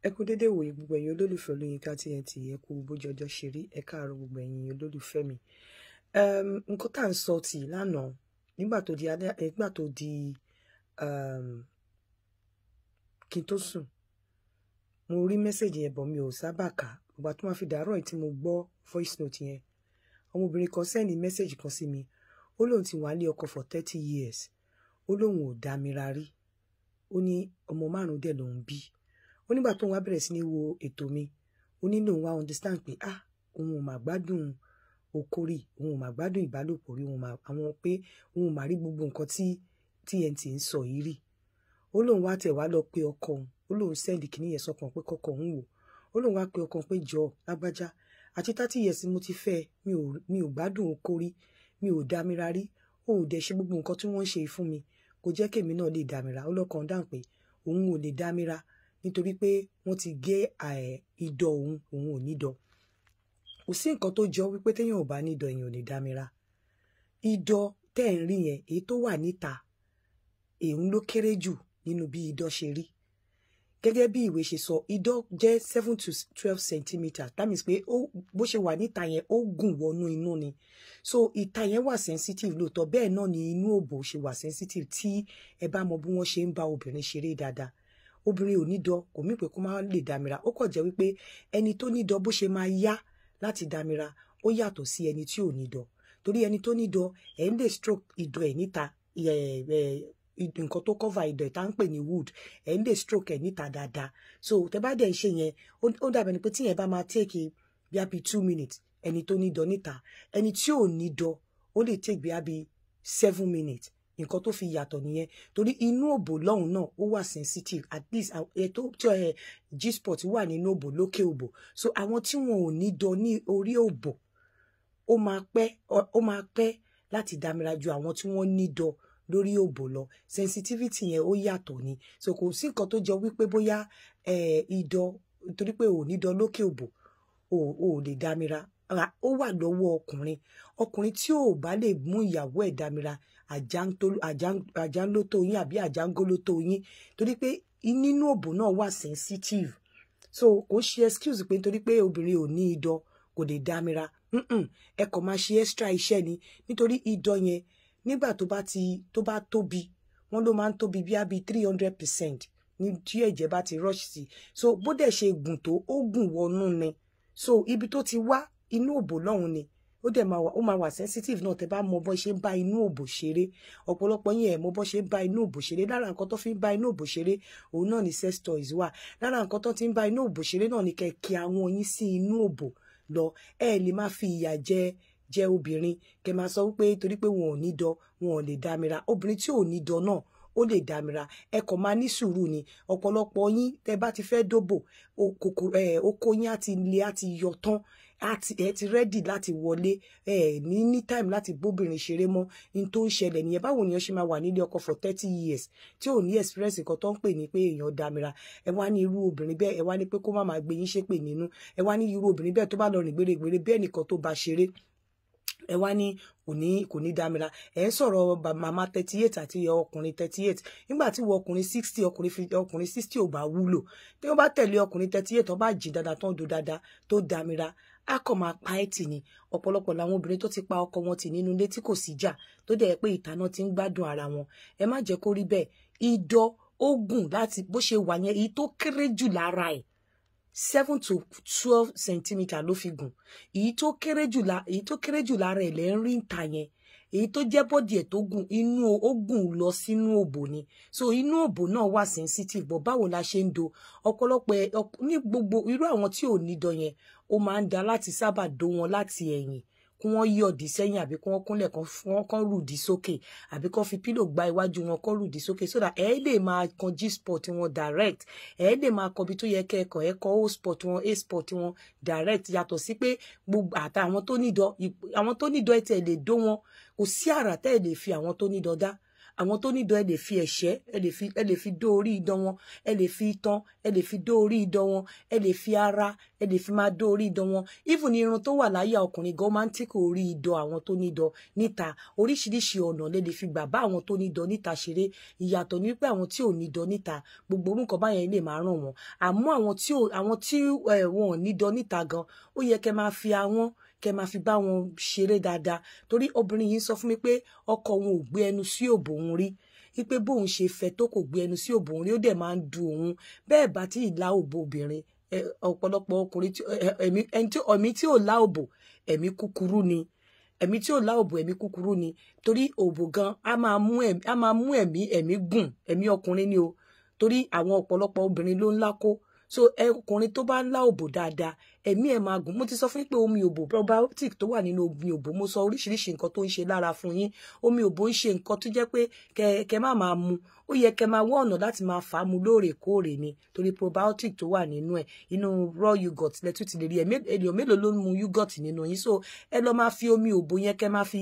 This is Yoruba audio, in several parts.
ẹ kú dédé ìwòye gbogbo ẹ̀yin olólùfẹ́ olóyinka TNT ẹ kú bójú ọjọ́ ṣe rí ẹ káàárọ̀ gbogbo ẹ̀yin olólùfẹ́ mi nǹkan tá à ń sọ tì lánàá nígbà tó di nígbà tó di kí n tó sùn mo rí mẹ́sẹ̀gì yẹn bọ̀ mi ò sábà kà ìgbà tó máa fi dàárọ̀ yìí tí mo gbọ́ voice note yẹn ọmọbìnrin kan sẹ́ni mẹ́sẹ̀gì kan sí mi ó lóun ti wà ní ọkọ for thirty years ó lóun ò dámira rí ó ní ọmọ márùn-ún dẹ̀ lòun bí ó nígbà tóun wá bẹ̀rẹ̀ sí ní wo ètò mi ó ní lòun wá understand pé ah òun ò mà gbádùn okórì òun ò mà gbádùn ìbálòpọ̀ rí òun mà àwọn pé òun ò mà rí gbogbo nǹkan tí TNT ń sọ yìí rí ó lóun wá tẹ̀ wá lọ pé ọkọ òun ó lóun sẹ́ndì kìíní yẹn sọkàn pé kọkọ òun wò ó lóun wá pé ọkàn pé jọ lágbájá àti tátí yẹsí mo ti fẹ́ mi ò gbádùn okórì mi ò dámira rí o ò dẹ̀ ṣe gbogbo nǹkan tí wọ́n ń ṣe fún mi kò jẹ́ kèmi náà lè dámira ó lọ́kàn dáhùn pé òun ò lè dámira nítorí pé wọ́n ti gé ìdọ̀ òun òun ò nídọ̀ kò sí nǹkan tó jọ wípé téèyàn ò bá nídọ̀ èèyàn ò ní dámira ìdọ̀ tẹ́ ẹ̀ ń rí yẹn èyí tó wà níta èyún ló kéré jù nínú bí ìdọ̀ ṣe rí gẹ́gẹ́ bí ìwé ṣe sọ ìdọ̀ jẹ́ seven to twelve centimeter that means pé bó ṣe wà níta yẹn ó gùn wọnú inú ni so ìta yẹn wà sensitive lóòótọ́ bẹ́ẹ̀ náà ni inú òbò ṣe wà sensitive tí ẹ bá mọ bí wọ́n ṣe ń bá obìnrin ṣeré dáadáa obìnrin ò ní dọ kò mí pé kó má lè dámira ó kọ̀ jẹ́ wípé ẹni tó ní dọ bó ṣe máa yá láti dámira ó yàtọ̀ sí ẹni tí ò ní torí ẹni tó ní dọ ń lè stroke ìdọ̀ ẹ̀ níta nǹkan tó cover ìdọ̀ ìta ń pè ní wood ẹ̀ ń lè stroke ẹ̀ níta dáadáa so tẹ́ bá dẹ̀ ń ṣe yẹn ó dàbẹ̀ ni pé tíyẹn bá máa take bí i abi two minutes ẹni tó ní dọ níta ẹni tí ò ní ó lè take bí i seven minutes nǹkan tó fi yàtọ̀ nìyẹn torí inú òbò lọ́hùn náà ó wà sensitive at least ètò ẹ G-spot wà nínú òbò lókè òbò so àwọn tí wọn ò ní dán ní orí òbò ó máa pẹ́ ó máa pẹ́ láti dámira ju àwọn tí wọ́n ní dán lórí òbò lọ sensitivity yẹn ó yàtọ̀ ni so kò sí nǹkan tó jọ wípé bóyá ìdọ̀ torí pé ò ní dán lókè òbò ò lè dámira ó wà lọ́wọ́ ọkùnrin ọkùnrin tí ò bá lè mú ìyàwó ẹ̀ dámira àjánlótó yín àbí àjángólótó yín torí pé nínú òbò náà wà sensitive so kò ṣe excuse pé nítorí pé obìnrin ò ní idọ kò lè dámira ẹ kàn máa ṣe extra iṣẹ́ ni nítorí idọ yẹn nígbà tó bá ti tó bá tóbi wọ́n ló máa ń tóbi bí abi three hundred percent ní tí ẹ̀jẹ̀ bá ti rush sí so bó dẹ̀ ṣe gùn tó ó gùn wọnú ni so ibi tó ti wá inú òbò lọ́hùn ni ó dẹ̀ máa wà ó máa wà sensitive náà tẹ́ bá mọ bọ́ ṣe ń bá inú òbò ṣeré ọ̀pọ̀lọpọ̀ yín ẹ̀ mọ bọ́ ṣe ń bá inú òbò ṣeré lára nǹkan tó fi ń bá inú òbò ṣeré òun náà ni sex toys wà lára nǹkan tó ti ń bá inú òbò ṣeré náà ni kẹ̀kẹ́ àwọn yín sí inú òbò lọ ẹ lè má fi ìyà jẹ jẹ obìnrin kẹ máa sọ wípé torí pé wọn ò ní dọ wọn ò lè dámira obìnrin tí ò ní dọ náà ó lè dámira ẹ kàn máa ní sùúrù ni ọ̀pọ̀lọpọ̀ yín tẹ́ bá ti fẹ́ dóbò oko yín á ti le yọ tán ẹ ti rẹ́dì láti wọlé ẹ ní ní time láti bóbìnrin ṣeré mọ́ ní tó ń ṣẹlẹ̀ nìyẹn báwo ni wọ́n ṣe máa wà nílé ọkọ for thirty years tí ò ní experience nǹkan tó ń pè ní pé èèyàn damira ẹ wá ní irú obìnrin bẹ́ẹ̀ ẹ wá ní pé kó má máa gbé yín ṣépè nínú ẹ wá ní irú obìnrin bẹ́ẹ̀ tó bá lọ rìn gbèrègbèrè bẹ́ẹ̀ nìkan tó bá ṣeré ẹ wá ní kò ní dámira ẹ ń sọ̀rọ̀ màmá thirty eight àti ọkùnrin thirty eight nígbà tí wọ ọkùnrin sixty ọkùnrin sixty ò bá wúlò tí wọ́n bá tẹ̀lé ọkùnrin thirty eight ọba jì dáadáa tó ń do dáadáa tó dámira a kàn máa pa ẹ́ tì ní ọ̀pọ̀lọpọ̀ làwọn obìnrin tó ti pa ọkọ wọn tì nínú ilé tí kò sí jà tó dẹ̀ pé ìtànà ti ń gbádùn ara wọn ẹ má jẹ́ kó rí bẹ́ẹ̀ idọ́ ó láti bó ṣe wà yẹn èyí tó kéré jù lára ẹ̀ seven to twelve centimeter ló fi gùn èyí tó kéré jù la èyí tó kéré jù lára ẹ̀ lẹ́ ń rí ìta yẹn èyí tó jẹ́ bọ́dì ẹ̀ tó gùn inú ó gùn lọ sínú òbò ni so inú òbò náà wà sensitive but báwo la ṣe ń do ọ̀pọ̀lọpọ̀ ní gbogbo irú àwọn tí ò ní dán yẹn ó máa ń da láti sábà dó wọn láti ẹ̀yìn kí wọ́n yọ̀dí sẹ́yìn àbí kí wọ́n kúnlẹ̀ kan kán rùdí sókè àbí kán fi pílò gba iwájú wọn kán rùdí sókè so that ẹ lè máa kan g spot wọn direct ẹ lè máa kọ ibi tó yẹ kẹ́ẹ̀kọ́ ẹ kọ o spot wọn a spot wọn direct yàtọ̀ sí pé gbogbo àtàwọn tó nídọ̀ àwọn tó nídọ̀ ẹ tiẹ̀ lè dó wọn kò sí àrà tẹ́ lè fi àwọn tó nídọ̀ dá àwọn tó nídọ̀ ẹ lè fi ẹ̀ṣẹ́ ẹ lè fi ẹ lè fi dó orí idán wọn ẹ lè fi itan ẹ lè fi dó orí idán wọn ẹ lè fi ara ẹ lè fi máa dó orí idán wọn even irun tó wà láyà ọkùnrin gan máa ń tí kò rí idán àwọn tó nídọ̀ níta oríṣiríṣi ọ̀nà lè lè fi gbà bá àwọn tó nídọ̀ níta ṣeré ìyàtọ̀ ni wípé àwọn tí ò nídọ̀ níta gbogbo orúkọ báyẹn lè máa ràn wọn àmọ́ àwọn tí wọn ò nídọ̀ níta gan ó yẹ kẹ́ máa fi àwọn kẹ́ máa fi bá wọn ṣeré dáadáa torí obìnrin yìí sọ fún mi pé ọkọ òun ò gbé ẹnu sí òbò òun rí wípé bóun ṣe fẹ́ tó kò gbé ẹnu sí òbò òun rí ó dẹ̀ máa ń du òun bẹ́ẹ̀ bá tí ì òbò obìnrin ọ̀pọ̀lọpọ̀ ọkùnrin ẹ̀mí tí ò lá òbò ẹ̀mí kúkúrú ni ẹ̀mí tí ò lá òbò ẹ̀mí kúkúrú ni torí òbò gan a máa mú ẹ̀mí ẹ̀mí gùn ẹ̀mí ọkùnrin ni o torí àwọn ọ̀pọ̀lọpọ̀ obìnrin ló ń lákó so ọkùnrin tó bá ń òbò dáadáa ẹ̀mí ẹ̀ máa gùn mo ti sọ fún yín pé omi òbò probiotic tó wà nínú omi òbò mo sọ oríṣiríṣi nǹkan tó ń ṣe lára fún yín omi òbò ń ṣe nǹkan tó jẹ́ pé kẹ má máa mu ó yẹ kẹ máa wọ ọ̀nà láti máa fà á mu lóòrèkóòrè ni torí probiotic tó wà nínú ẹ̀ inú raw yogurt lẹ́tù ti lè rí ènìyàn mélòó ló ń mu yogurt nínú yín so ẹ lọ máa fi omi òbò yẹn kẹ máa fi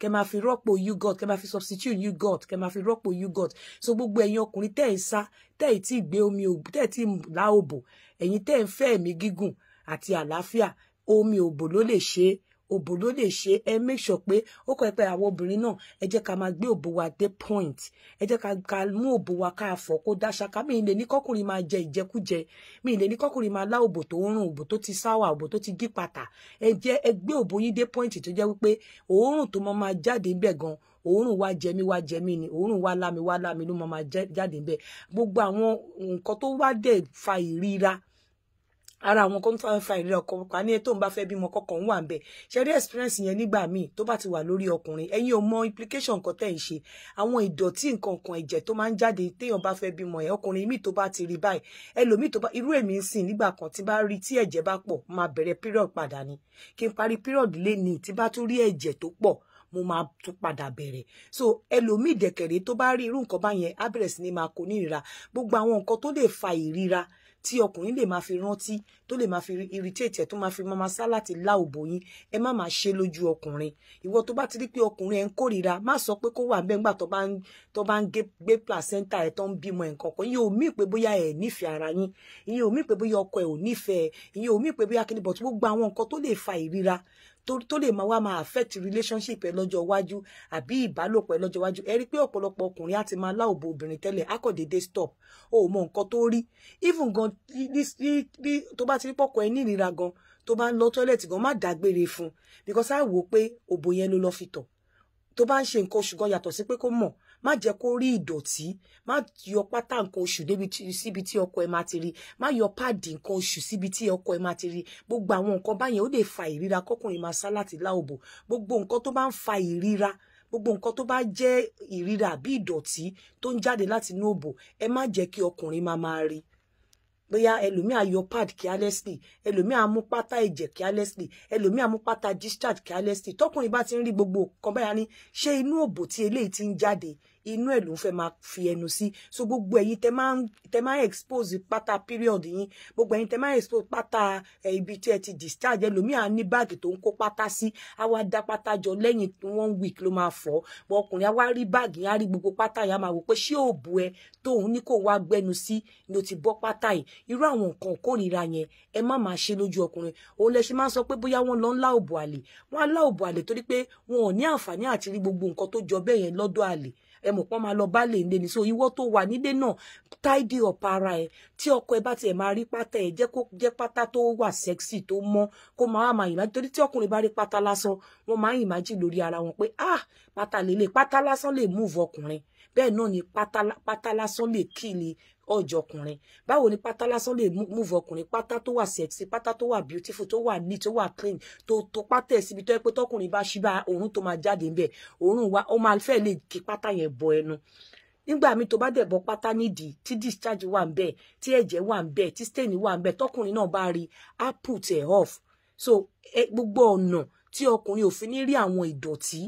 kẹ máa fi rọ́pò yogurt kẹ máa fi substitute yogurt kẹ máa fi rọ́pò yogurt so gbogbo ẹ̀yin ọkùnrin tẹ́ ẹ̀ ń sá tẹ́ ẹ̀ tí ì gbé omi òbò tẹ́ ẹ̀ tí ì òbò ẹ̀yin tẹ́ ẹ̀ ń fẹ́ ẹ̀mí gígùn àti àlàáfíà omi òbò ló lè ṣe é òbò ló lè ṣe ẹ make sure pé ó kọ pé àwọn obìnrin náà ẹ jẹ́ ká máa gbé òbò wa dé point ẹ jẹ́ ká ká mú òbò wa ká fọ̀ kó dá ṣaka mi lè ní kọ́kùnrin máa jẹ ìjẹkújẹ mi lè ní kọ́kùnrin máa lá òbò tó ń rùn òbò tó ti sáwà òbò tó ti gí pàtà ẹ jẹ́ ẹ gbé òbò yín dé point tó jẹ́ wípé òórùn tó mọ máa jáde bẹ gan òórùn wa jẹmí wa jẹmí ni òórùn wa lámi wa lámi ló mọ máa jáde ń bẹ gbogbo àwọn nǹkan tó wá dẹ̀ fa ìríra ara àwọn kan tó fa ìrẹ́ ọkọ pa ní tó ń bá fẹ́ bímọ kọkàn wà ń bẹ̀ ṣẹ́rí experience yẹn nígbà míì tó bá ti wà lórí ọkùnrin ẹ̀yin ò mọ implication nǹkan tẹ̀ ń ṣe àwọn ìdọ̀tí nǹkan kan ẹ̀jẹ̀ tó máa ń jáde téèyàn bá fẹ́ bímọ yẹn ọkùnrin míì tó bá ti rí báyìí ẹlòmíì tó bá irú èmi ń sìn nígbà kan tí bá rí tí ẹ̀jẹ̀ bá pọ̀ máa bẹ̀rẹ̀ period padà ni kí n parí period lé ní tí bá tún rí ẹ̀jẹ̀ tó pọ̀ mo máa tún padà bẹ̀rẹ̀ so ẹlòmíì dẹ̀kẹ̀rẹ̀ tó bá rí irú nǹkan báyẹn á sí ni máa kó ní ìrira gbogbo àwọn nǹkan tó lè fa ìrira tí ọkùnrin lè máa fi rántí tó lè máa fi irritate ẹ tó máa fi máa sá láti lá òbò yín ẹ má máa ṣe lójú ọkùnrin ìwọ tó bá ti rí pé ọkùnrin ẹ ń kórìíra má sọ pé kó wà bẹ́ẹ̀ ńgbà tó bá ń gbé placenta ẹ tó ń bímọ nǹkan kan ìyẹn ò mí pé bóyá ẹ nífẹ̀ẹ́ ara yín ìyẹn ò mí pé bóyá ọkọ ẹ ò nífẹ̀ẹ́ ìyẹn ò mí pé bóyá kíni bọ̀tú gbogbo àwọn nǹkan tó lè fa ìríra tó lè máa wá máa affect relationship ẹ lọ́jọ́ iwájú àbí ìbálòpọ̀ ẹ lọ́jọ́ iwájú ẹ rí pé ọ̀pọ̀lọpọ̀ ọkùnrin á ti máa lá òbò obìnrin tẹ́lẹ̀ á kàn déédéé stop o ò mọ nǹkan tó rí even gan tó bá ti rí pọ̀kọ ẹ ní ìrira gan tó bá ń lọ tọ́lẹ̀tì gan má dágbére fún because á wò ó pé òbò yẹn ló lọ fi tọ̀ tó bá ń ṣe nǹkan oṣù gan yàtọ̀ sí pé kó mọ̀ má jẹ́ kó rí ìdọ̀tí má yọ pátá nǹkan oṣù síbi tí ọkọ ẹ máa ti rí má yọ páàdì nǹkan oṣù síbi tí ọkọ ẹ máa ti rí gbogbo àwọn nǹkan báyẹn ó lè fa ìríra kọkùnrin máa sá láti láòbò gbogbo nǹkan tó bá ń fa ìríra gbogbo nǹkan tó bá jẹ́ ìríra àbí ìdọ̀tí tó ń jáde láti inú òbò ẹ má jẹ́ kí ọkùnrin máa máa rí bóyá ẹlòmíì á yọ pad carelessly ẹlòmíì á mú pátá ẹ̀jẹ̀ carelessly ẹlòmíì á discharge carelessly tọkùnrin bá ti ń rí gbogbo kan báyà ní ṣé inú òbò tí eléyìí ti ń jáde inú ẹ̀ ló ń fẹ́ máa fi ẹnu sí so gbogbo ẹ̀yin tẹ máa ń tẹ máa ń expose pátá period yín gbogbo ẹ̀yin tẹ máa ń expose pátá ibi tí ẹ ti discharge ẹlòmíà ní báàgì tó ń kó pátá sí á wá dá pátá jọ lẹ́yìn one week ló máa fọ́ bọ́ ọkùnrin á wá rí báàgì yẹn á rí gbogbo pátá yẹn á máa wò pé ṣé òbú ẹ tóun ní kò wá gbẹnu sí ni o ti bọ́ pátá yìí irú àwọn nǹkan kórìíra yẹn ẹ má máa ṣe lójú ọkùnrin òun lẹ ṣe máa ń sọ pé bóyá wọn lọ ń lá òbò àlè wọn á lá òbò àlè torí pé wọn ò ní àǹfààní àti rí gbogbo nǹkan tó jọ bẹ́ẹ̀ yẹn lọ́dọ̀ àlè ẹ mọ̀ pọ́n máa lọ bá lè nílé ni so ìwọ tó wà nílé náà tidy up ara ẹ tí ọkọ ẹ bá tiẹ̀ máa rí pátá ẹ jẹ́ kó jẹ́ pátá tó wà sexy tó mọ́ kó máa máa ìmájì torí tí ọkùnrin bá rí pátá lásán wọ́n máa ń ìmájì lórí ara wọn pé ah pátá lè lè pátá lásán lè move ọkùnrin bẹ́ẹ̀ náà ni pátá lásán lè kíni ọ̀jọ̀kùnrin báwo ni pátá lásán lè move ọkùnrin pátá tó wà sexy pátá tó wà beautiful tó wà neat tó wà clean tó tó pátá ẹ̀ síbi tó yẹ pé tọkùnrin bá ṣí bá òórùn tó máa jáde ń bẹ̀ òórùn wa ó máa fẹ́ lè kí pátá yẹn bọ ẹnu nígbà míì tó bá dẹ̀ bọ́ pátá nídìí tí discharge wà ń bẹ̀ tí ẹ̀jẹ̀ wà ń bẹ̀ tí stain wà ń bẹ̀ tọkùnrin náà bá rí á put ẹ̀ off so gbogbo ọ̀nà tí ọkùnrin ò fi ní rí àwọn ìdọ̀tí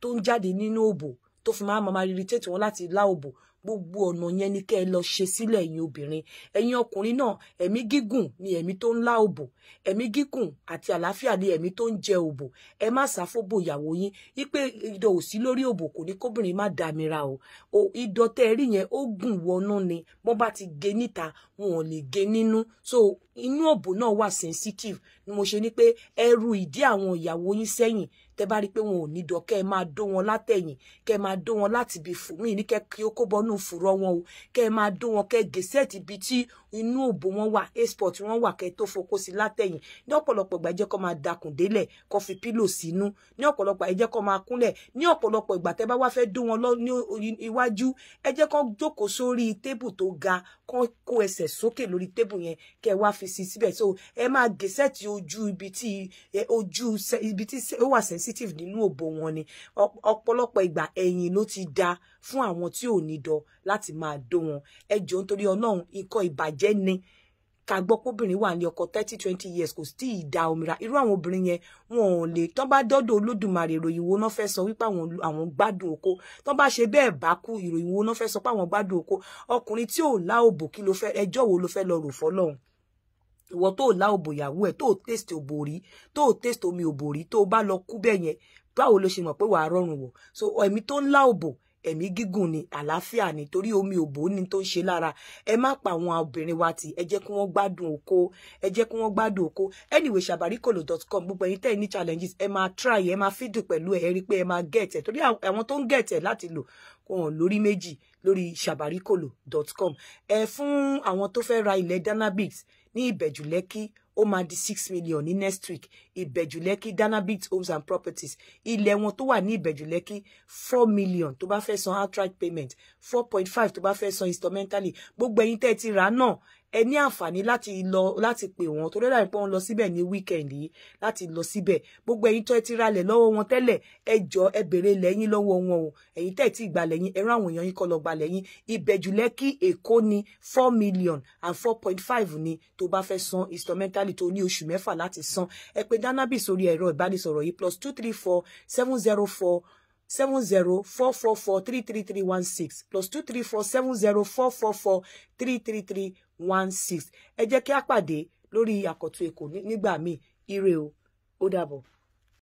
tó ń jáde nínú òbò tó fi máa máa irritate wọn láti lá òbò gbogbo ọ̀nà yẹn ni kẹ́ ẹ lọ ṣe sílẹ̀ ẹ̀yin obìnrin ẹ̀yin ọkùnrin náà ẹ̀mí gígùn ni ẹ̀mí tó ń lá òbò ẹ̀mí gígùn àti àlàáfíà ni ẹ̀mí tó ń jẹ òbò ẹ má ṣàfóbò ìyàwó yín wípé idọ̀ ò sí lórí òbò kò ní kóbìnrin má dàmíra o idọ̀ tẹ́ ẹ rí yẹn ó gùn wọnú ni wọ́n bá ti gé níta wọn ò lè gé nínú so inú òbò náà wà sensitive ni mo ṣe ní pé ẹrù ìdí àwọn ìyàwó yín sẹ́yìn tẹ bá rí i pé wọn ò ní dọ kẹ ẹ máa dó wọn látẹ̀yìn kẹ ẹ máa dó wọn láti ibi fù mí ní kẹ kí ó kó bọnú fùrọ wọn o kẹ ẹ máa dó wọn kẹ gèsẹẹtì ibi tí inú òbò wọn wà export wọn wà kẹ tó fokó sí látẹ̀yìn ní ọ̀pọ̀lọpọ̀ ìgbà ẹ jẹ́ máa dakùn délẹ̀ kó fi pílò sínú ní ọ̀pọ̀lọpọ̀ ẹ jẹ́ máa kúnlẹ̀ ní ọ̀pọ̀lọpọ̀ ìgbà tẹ bá wá fẹ́ dó wọn lọ ní iwájú ẹ jẹ́ jókòó sórí tébù tó ga kó kó ẹsẹ̀ sókè lórí tébù yẹn sí síbẹ̀ so ẹ máa gẹ̀sẹ̀tì ojú ibi tí ojú ibi tí ó wà sensitive nínú òbò wọn ni ọ̀pọ̀lọpọ̀ ìgbà ẹ̀yìn ló ti da fún àwọn tí ò ní dọ láti máa dó wọn ẹ jọ̀ọ́ nítorí ọlọ́run nǹkan ìbàjẹ́ ni ká gbọ́ wà ní ọkọ thirty twenty years kò tí ì da òmìnira irú àwọn obìnrin yẹn wọn ò lè tán bá dọ́dọ̀ olódùmarè ìròyìn wo náà fẹ́ sọ wípé àwọn gbádùn oko tán bá ṣe bẹ́ẹ̀ bá kú ìròyìn wo náà fẹ́ sọ pé àwọn gbádùn oko ọkùnrin tí ò lá kí ló fẹ́ ẹjọ́ wo ló fẹ́ lọ rò fọ́lọ́hún ìwọ tó lá òbò ìyàwó ẹ tó taste òbò rí tó taste omi òbò rí tó bá lọ kú bẹ́ẹ̀ yẹn báwo ló ṣe mọ̀ pé wàá rọrùn wọ̀ so ẹ̀mí tó ń lá òbò ẹ̀mí gígùn ni àlàáfíà ni torí omi òbò ni tó ń ṣe lára ẹ má pa àwọn obìnrin wa tì ẹ jẹ́ kí wọ́n gbádùn oko ẹ jẹ́ kí wọ́n gbádùn oko anyway sabarikolo dot com gbogbo ẹ̀yin tẹ́ ẹ ní challenges ẹ máa try ẹ máa fídùn pẹ̀lú ẹ rí pé ẹ máa get ẹ torí àwọn tó ń get ẹ láti lò wọn lórí méjì lórí sabarikolo dot com ẹ fún àwọn tó fẹ́ ra ilẹ̀ danabics ní ìbẹ̀jù lẹ́kì ó máa di six million ní next week ìbẹ̀jù lẹ́kì danabit homes and properties ilẹ̀ wọn tó wà ní ìbẹ̀jù four million tó bá fẹ́ san outright payment four point five tó bá fẹ́ san instrumentally gbogbo ẹ̀yin tẹ́ ẹ ti rà náà ẹ ní àǹfààní láti lọ láti pè wọn torí ẹ̀dá ìpọ́n lọ síbẹ̀ ní weekend yìí láti lọ síbẹ̀ gbogbo ẹ̀yin tó ẹ ti ralẹ̀ lọ́wọ́ wọn tẹ́lẹ̀ ẹ jọ ẹ bèrè lẹ́yìn lọ́wọ́ wọn o ẹ̀yin tẹ́ ẹ ti gbà lẹ́yìn ẹ̀rọ àwọn èèyàn yín kọ́ lọ gbà lẹ́yìn ìbẹ̀jùlẹ̀ kí èkó ni four million and four point five ni tó bá fẹ́ san instrumentally tó ní oṣù mẹ́fà láti san ẹ pè Danabi sórí ẹ̀rọ ìbánisọ̀rọ̀ yìí plus two three four seven zero four seven zero four four four three three three one six plus two three four seven zero four four four three three three one six ẹ jẹ́ kí a pàdé lórí àkọ́tún èkó nígbà míì ire o ó dàbọ̀.